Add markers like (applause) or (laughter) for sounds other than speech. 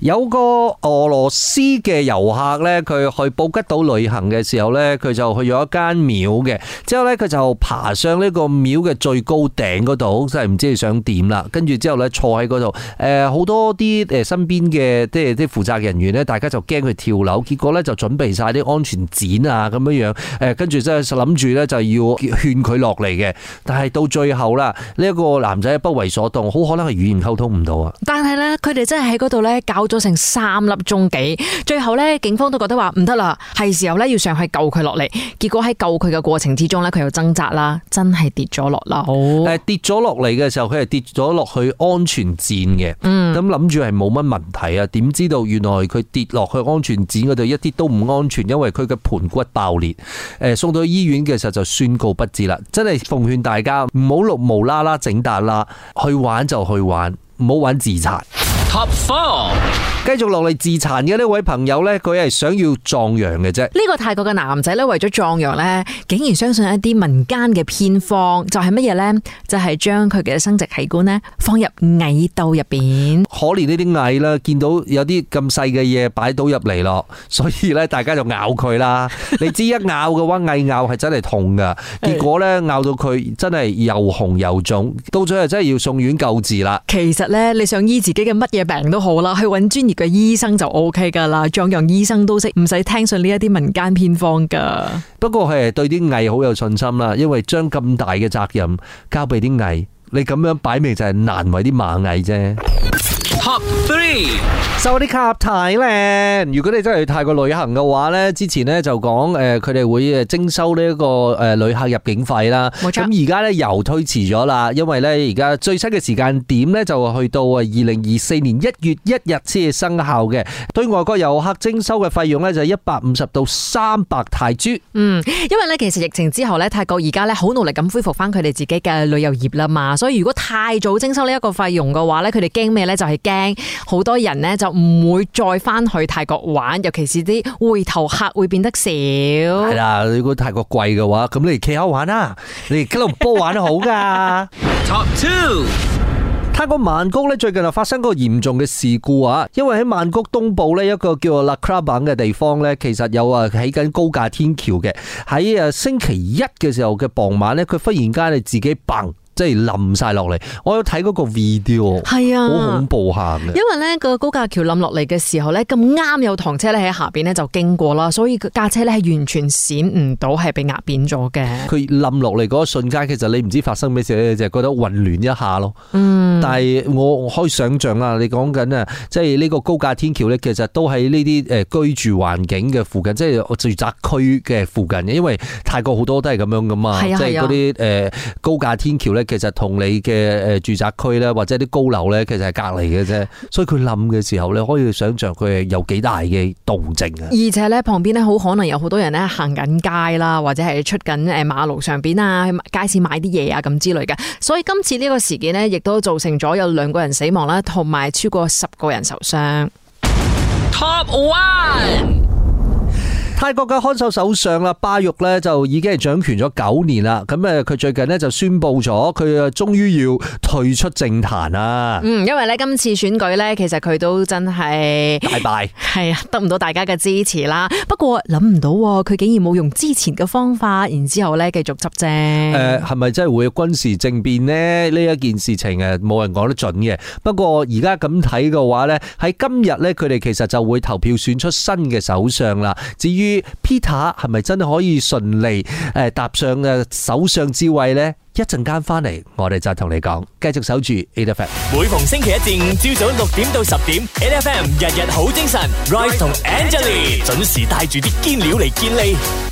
有個俄羅斯嘅遊客呢，佢去布吉島旅行嘅時候呢，佢就去咗一間廟嘅。之後呢，佢就爬上呢個廟嘅最高頂嗰度，真係唔知你想點啦。跟住之後呢，坐喺嗰度，誒好多啲誒身邊嘅即係啲負責人員呢，大家就驚佢跳樓，結果呢，就準備曬啲安全墊啊，咁樣樣，誒跟住真係諗住呢，就要勸佢落嚟嘅，但係到最後啦，呢一個男仔不為所動，好可能係語言溝通唔到啊。佢哋真係喺嗰度呢，搞咗成三粒鐘幾，最後呢，警方都覺得話唔得啦，係時候呢要上去救佢落嚟。結果喺救佢嘅過程之中呢，佢又掙扎啦，真係跌咗落啦。跌咗落嚟嘅時候，佢係跌咗落去安全墊嘅，咁諗住係冇乜問題啊。點知道原來佢跌落去安全墊嗰度一啲都唔安全，因為佢嘅盤骨爆裂。誒，送到醫院嘅時候就宣告不治啦。真係奉勸大家唔好落無啦啦整笪啦，去玩就去玩。唔好玩自殘。繼續落嚟自殘嘅呢位朋友呢，佢係想要壯陽嘅啫。呢個泰國嘅男仔呢，為咗壯陽呢，竟然相信一啲民間嘅偏方，就係乜嘢呢？就係將佢嘅生殖器官呢，放入蟻竇入邊。可憐呢啲蟻啦，見到有啲咁細嘅嘢擺到入嚟咯，所以呢，大家就咬佢啦。你知一咬嘅話，蟻咬係真係痛噶。結果呢，咬到佢真係又紅又腫，到最後真係要送院救治啦。其實呢，你想醫自己嘅乜嘢？病都好啦，去揾專業嘅醫生就 OK 噶啦，壯陽醫生都識，唔使聽信呢一啲民間偏方噶。不過係對啲蟻好有信心啦，因為將咁大嘅責任交俾啲蟻，你咁樣擺明就係難為啲螞蟻啫。Top three 收啲卡泰咧，如果你真係去泰國旅行嘅話咧，之前咧就講誒，佢哋會誒徵收呢一個誒旅客入境費啦。冇錯。咁而家咧又推遲咗啦，因為咧而家最新嘅時間點咧就去到啊二零二四年一月一日先至生效嘅。對外國遊客徵收嘅費用咧就係一百五十到三百泰銖。嗯，因為咧其實疫情之後咧泰國而家咧好努力咁恢復翻佢哋自己嘅旅遊業啦嘛，所以如果太早徵收呢一個費用嘅話咧，佢哋驚咩咧就係驚。好多人呢，就唔會再翻去泰國玩，尤其是啲回頭客會變得少。係啦，如果泰國貴嘅話，咁你哋企下玩啦，你哋吉隆坡玩得好噶、啊。Top two (laughs) 泰國曼谷呢，最近又發生過嚴重嘅事故啊！因為喺曼谷東部呢，一個叫做 Lat Krabang 嘅地方呢，其實有啊起緊高架天橋嘅。喺誒星期一嘅時候嘅傍晚呢，佢忽然間你自己崩。即係冧晒落嚟，我有睇嗰個 video，係啊，好恐怖下嘅。因為咧個高架橋冧落嚟嘅時候咧，咁啱有堂車咧喺下面咧就經過啦，所以架車咧係完全閃唔到，係被壓扁咗嘅。佢冧落嚟嗰一瞬間，其實你唔知發生咩事咧，就係、覺得混亂一下咯。嗯，但係我可以想象啊，你講緊啊，即係呢個高架天橋咧，其實都喺呢啲誒居住環境嘅附近，即係住宅區嘅附近，因為泰國好多都係咁樣噶嘛，係啊、即係嗰啲誒高架天橋咧。其實同你嘅誒住宅區咧，或者啲高樓咧，其實係隔籬嘅啫。所以佢冧嘅時候你可以想象佢係有幾大嘅動靜啊！而且咧旁邊咧，好可能有好多人咧行緊街啦，或者係出緊誒馬路上邊啊，去街市買啲嘢啊咁之類嘅。所以今次呢個事件呢，亦都造成咗有兩個人死亡啦，同埋超過十個人受傷。Top one。泰國嘅看守首相啦，巴育咧就已經係掌權咗九年啦。咁誒，佢最近咧就宣佈咗，佢啊終於要退出政壇啦。嗯，因為咧今次選舉咧，其實佢都真係大敗，係啊，得唔到大家嘅支持啦。不過諗唔到佢竟然冇用之前嘅方法，然之後咧繼續執政。誒、呃，係咪真係會軍事政變呢？呢一件事情誒，冇人講得準嘅。不過而家咁睇嘅話咧，喺今日咧，佢哋其實就會投票選出新嘅首相啦。至於 Pita 係咪真係可以順利誒踏上嘅首相之位呢？一陣間翻嚟，我哋就同你講。繼續守住 8FM。每逢星期一至五朝早六點到十點，8FM 日日好精神。Rice 同 Angeline 準時帶住啲堅料嚟建立。